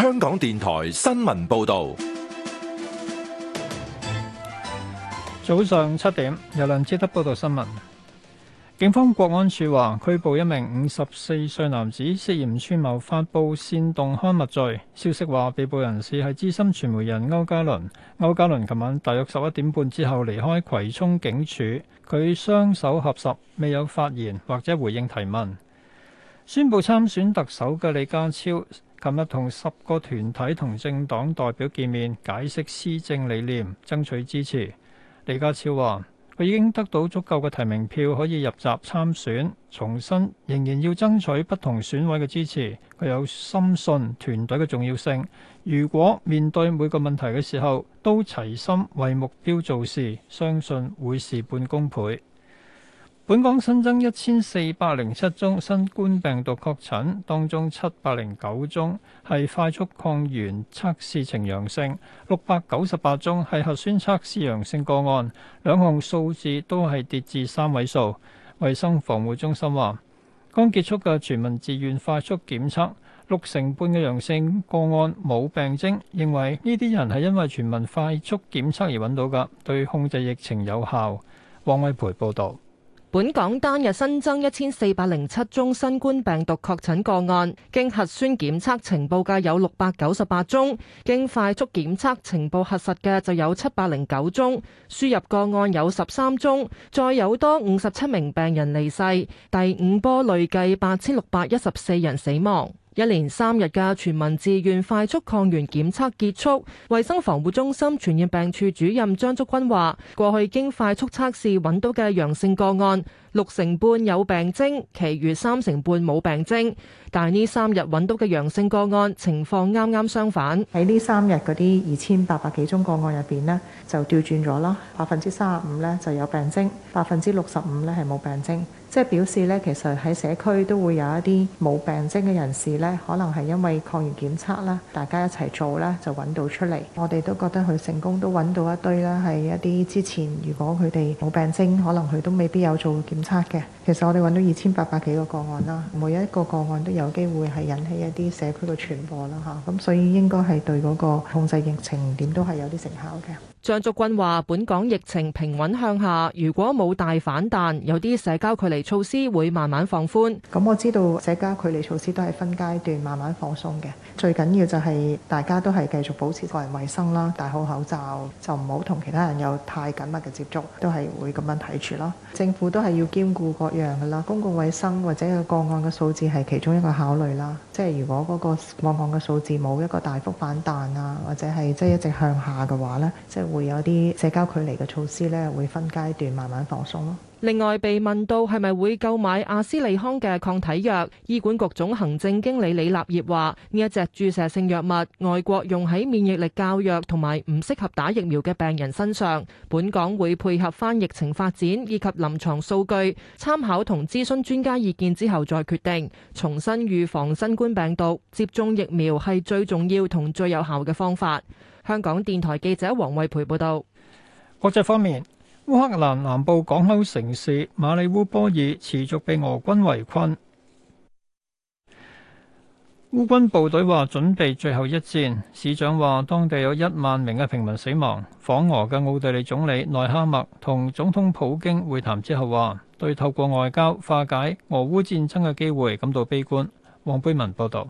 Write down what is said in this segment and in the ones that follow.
香港電台新聞報道，早上七點，有梁志德報道新聞。警方國安處話拘捕一名五十四歲男子，涉嫌串謀發布煽動刊物罪。消息話被捕人士係資深傳媒人歐嘉倫。歐嘉倫琴晚大約十一點半之後離開葵涌警署，佢雙手合十，未有發言或者回應提問。宣布參選特首嘅李家超。琴日同十個團體同政黨代表見面，解釋施政理念，爭取支持。李家超話：佢已經得到足夠嘅提名票，可以入閘參選，重申仍然要爭取不同選委嘅支持。佢有深信團隊嘅重要性。如果面對每個問題嘅時候都齊心為目標做事，相信會事半功倍。本港新增一千四百零七宗新冠病毒確診，當中七百零九宗係快速抗原測試呈陽性，六百九十八宗係核酸測試陽性個案。兩項數字都係跌至三位數，衛生防護中心話剛結束嘅全民自願快速檢測六成半嘅陽性個案冇病徵，認為呢啲人係因為全民快速檢測而揾到噶，對控制疫情有效。王偉培報道。本港單日新增一千四百零七宗新冠病毒確診個案，經核酸檢測呈報嘅有六百九十八宗，經快速檢測呈報核實嘅就有七百零九宗，輸入個案有十三宗，再有多五十七名病人離世，第五波累計八千六百一十四人死亡。一連三日嘅全民自願快速抗原檢測結束，衛生防護中心傳染病處主任張竹君話，過去經快速測試揾到嘅陽性個案，六成半有病徵，其餘三成半冇病徵。但係呢三日揾到嘅陽性個案情況啱啱相反，喺呢三日嗰啲二千八百幾宗個案入邊呢就調轉咗啦，百分之三十五呢就有病徵，百分之六十五呢係冇病徵。即係表示咧，其實喺社區都會有一啲冇病徵嘅人士咧，可能係因為抗原檢測啦，大家一齊做啦，就揾到出嚟。我哋都覺得佢成功都揾到一堆啦，係一啲之前如果佢哋冇病徵，可能佢都未必有做檢測嘅。其實我哋揾到二千八百幾個個案啦，每一個個案都有機會係引起一啲社區嘅傳播啦，吓、啊，咁所以應該係對嗰個控制疫情點都係有啲成效嘅。張竹君話：本港疫情平穩向下，如果冇大反彈，有啲社交距離措施會慢慢放寬。咁、嗯、我知道社交距離措施都係分階段慢慢放鬆嘅。最緊要就係大家都係繼續保持個人衛生啦，戴好口罩，就唔好同其他人有太緊密嘅接觸，都係會咁樣睇住囉。政府都係要兼顧各樣噶啦，公共衛生或者個案嘅數字係其中一個考慮啦。即係如果嗰個個案嘅數字冇一個大幅反彈啊，或者係即係一直向下嘅話呢。即係。會有啲社交距離嘅措施呢，會分階段慢慢放鬆咯。另外，被問到係咪會購買阿斯利康嘅抗體藥，醫管局總行政經理李立業話：呢一隻注射性藥物，外國用喺免疫力較弱同埋唔適合打疫苗嘅病人身上。本港會配合翻疫情發展以及臨床數據，參考同諮詢專家意見之後再決定。重新預防新冠病毒，接種疫苗係最重要同最有效嘅方法。香港電台記者王慧培報道。國際方面，烏克蘭南部港口城市馬里烏波爾持續被俄軍圍困。烏軍部隊話準備最後一戰。市長話當地有一萬名嘅平民死亡。訪俄嘅奧地利總理內哈默同總統普京會談之後話，對透過外交化解俄烏戰爭嘅機會感到悲觀。黃貝文報道。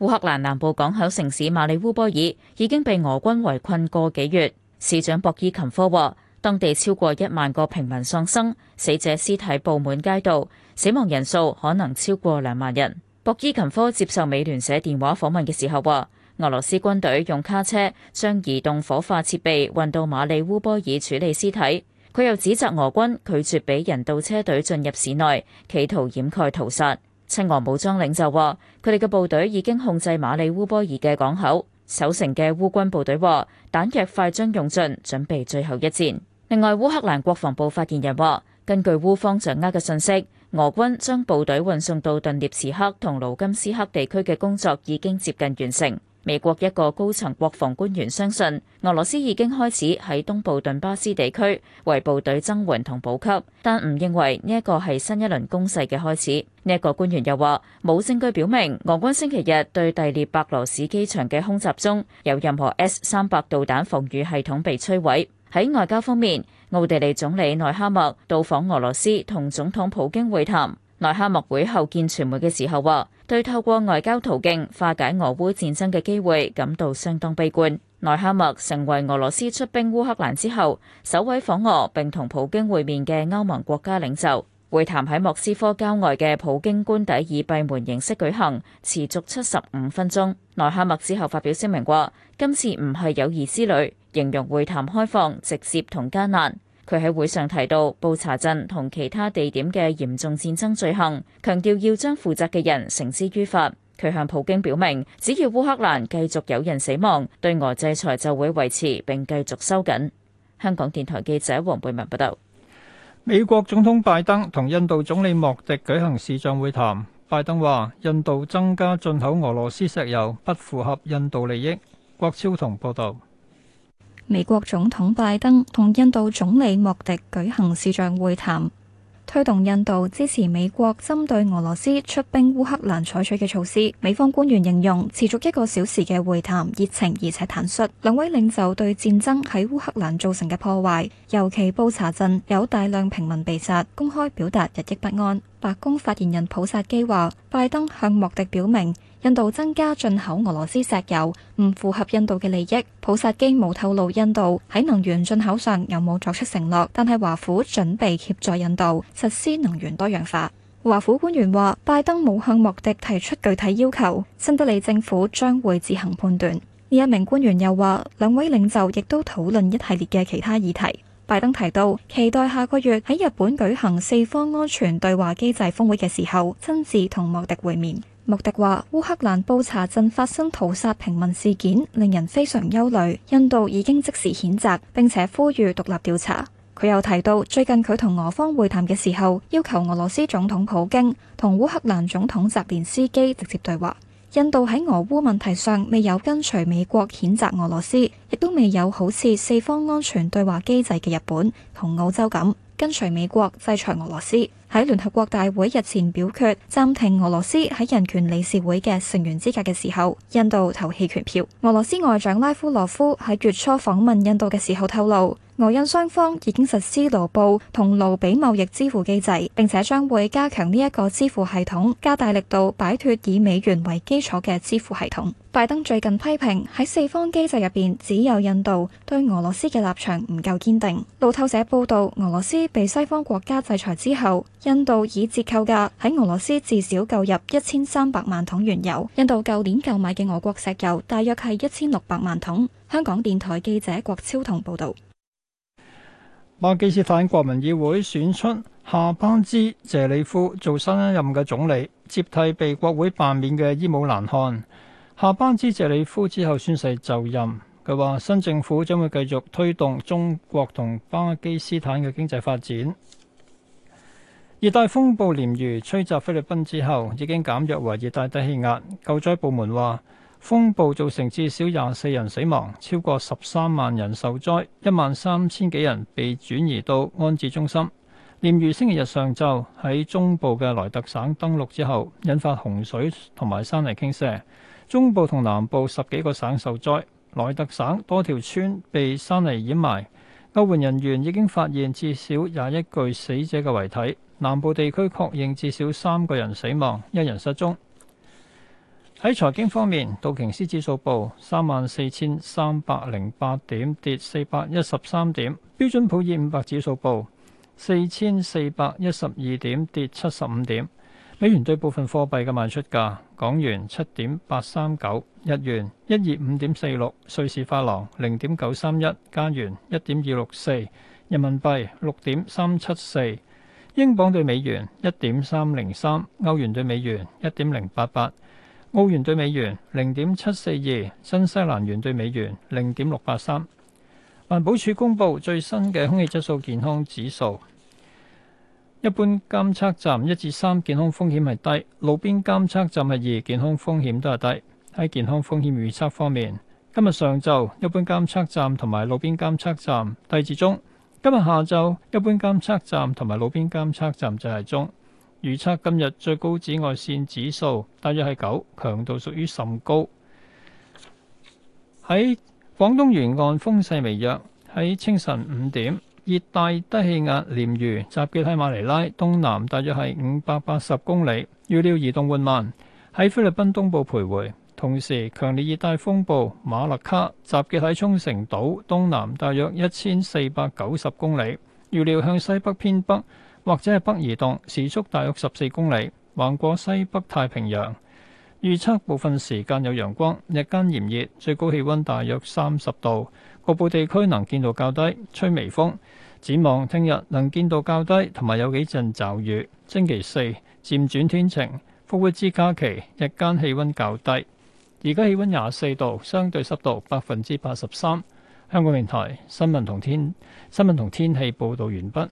烏克蘭南部港口城市馬里烏波爾已經被俄軍圍困個幾月。市長博伊琴科話，當地超過一萬個平民喪生，死者屍體布滿街道，死亡人數可能超過兩萬人。博伊琴科接受美聯社電話訪問嘅時候話，俄羅斯軍隊用卡車將移動火化設備運到馬里烏波爾處理屍體。佢又指責俄軍拒絕俾人道車隊進入市內，企圖掩蓋屠殺。親俄武裝領袖話：佢哋嘅部隊已經控制馬里烏波爾嘅港口。守城嘅烏軍部隊話：彈藥快將用盡，準備最後一戰。另外，烏克蘭國防部發言人話：根據烏方掌握嘅信息，俄軍將部隊運送到頓涅茨克同盧甘斯克地區嘅工作已經接近完成。美國一個高層國防官員相信，俄羅斯已經開始喺東部頓巴斯地區為部隊增援同補給，但唔認為呢一個係新一輪攻勢嘅開始。呢、這、一個官員又話，冇證據表明俄軍星期日對第列白羅斯機場嘅空襲中有任何 S 三百導彈防禦系統被摧毀。喺外交方面，奧地利總理內哈默到訪俄羅斯，同總統普京會談。內哈默會後見傳媒嘅時候話，對透過外交途徑化解俄烏戰爭嘅機會感到相當悲觀。內哈默成為俄羅斯出兵烏克蘭之後首位訪俄並同普京會面嘅歐盟國家領袖。會談喺莫斯科郊外嘅普京官邸以閉門形式舉行，持續七十五分鐘。內哈默之後發表聲明話，今次唔係友誼之旅，形容會談開放、直接同艱難。佢喺會上提到布查鎮同其他地點嘅嚴重戰爭罪行，強調要將負責嘅人繩之於法。佢向普京表明，只要烏克蘭繼續有人死亡，對俄制裁就會維持並繼續收緊。香港電台記者黃貝文報道。美國總統拜登同印度總理莫迪舉行視像會談。拜登話：印度增加進口俄羅斯石油不符合印度利益。郭超同報道。美國總統拜登同印度總理莫迪舉行視像會談，推動印度支持美國針對俄羅斯出兵烏克蘭採取嘅措施。美方官員形容持續一個小時嘅會談熱情而且坦率，兩位領袖對戰爭喺烏克蘭造成嘅破壞，尤其布查鎮有大量平民被殺，公開表達日益不安。白宮發言人普薩基話，拜登向莫迪表明。印度增加進口俄羅斯石油唔符合印度嘅利益。普薩基冇透露印度喺能源進口上有冇作出承諾，但係華府準備協助印度實施能源多樣化。華府官員話，拜登冇向莫迪提出具體要求，新德里政府將會自行判斷。另一名官員又話，兩位領袖亦都討論一系列嘅其他議題。拜登提到，期待下個月喺日本舉行四方安全對話機制峰會嘅時候，親自同莫迪會面。莫迪話：烏克蘭布查鎮發生屠殺平民事件，令人非常憂慮。印度已經即時譴責，並且呼籲獨立調查。佢又提到，最近佢同俄方會談嘅時候，要求俄羅斯總統普京同烏克蘭總統澤連斯基直接對話。印度喺俄烏問題上未有跟隨美國譴責俄羅斯，亦都未有好似四方安全對話機制嘅日本同澳洲咁跟隨美國制裁俄羅斯。喺聯合國大會日前表決，暫停俄羅斯喺人權理事會嘅成員資格嘅時候，印度投棄權票。俄羅斯外長拉夫羅夫喺月初訪問印度嘅時候透露。俄印雙方已經實施盧布同盧比貿易支付機制，並且將會加強呢一個支付系統，加大力度擺脱以美元為基礎嘅支付系統。拜登最近批評喺四方機制入邊，只有印度對俄羅斯嘅立場唔夠堅定。路透社報道，俄羅斯被西方國家制裁之後，印度以折扣價喺俄羅斯至少購入一千三百萬桶原油。印度舊年購買嘅俄國石油大約係一千六百萬桶。香港電台記者郭超彤報道。巴基斯坦國民議會選出夏班茲、謝里夫做新一任嘅總理，接替被國會罷免嘅伊姆蘭汗。夏班茲、謝里夫之後宣誓就任，佢話新政府將會繼續推動中國同巴基斯坦嘅經濟發展。熱帶風暴鯰魚吹襲菲律賓之後，已經減弱為熱帶低氣壓。救災部門話。風暴造成至少廿四人死亡，超過十三萬人受災，一萬三千幾人被轉移到安置中心。鲇魚星期日上晝喺中部嘅萊特省登陸之後，引發洪水同埋山泥傾瀉，中部同南部十幾個省受災。萊特省多條村被山泥掩埋，救援人員已經發現至少廿一具死者嘅遺體。南部地區確認至少三個人死亡，一人失蹤。喺財經方面，道瓊斯指數報三萬四千三百零八點，跌四百一十三點。標準普爾五百指數報四千四百一十二點，跌七十五點。美元對部分貨幣嘅賣出價：港元七點八三九，日元一二五點四六，瑞士法郎零點九三一，加元一點二六四，人民幣六點三七四，英鎊兌美元一點三零三，歐元兌美元一點零八八。澳元兌美元零點七四二，新西蘭元兌美元零點六八三。環保署公布最新嘅空氣質素健康指數，一般監測站一至三健康風險係低，路邊監測站係二，健康風險都係低。喺健康風險預測方面，今日上晝一般監測站同埋路邊監測站低至中，今日下晝一般監測站同埋路邊監測站就係中。預測今日最高紫外線指數大約係九，強度屬於甚高。喺廣東沿岸風勢微弱。喺清晨五點，熱帶低氣壓鯰魚集結喺馬尼拉東南，大約係五百八十公里。預料移動緩慢，喺菲律賓東部徘徊。同時，強烈熱帶風暴馬勒卡集結喺沖繩島東南，大約一千四百九十公里。預料向西北偏北。或者係北移動，時速大約十四公里，橫過西北太平洋。預測部分時間有陽光，日間炎熱，最高氣温大約三十度。局部地區能見度較低，吹微風。展望聽日能見度較低，同埋有，有幾陣驟雨。星期四漸轉天晴，復活節假期日間氣温較低。而家氣温廿四度，相對濕度百分之八十三。香港電台新聞同天新聞同天氣報導完畢。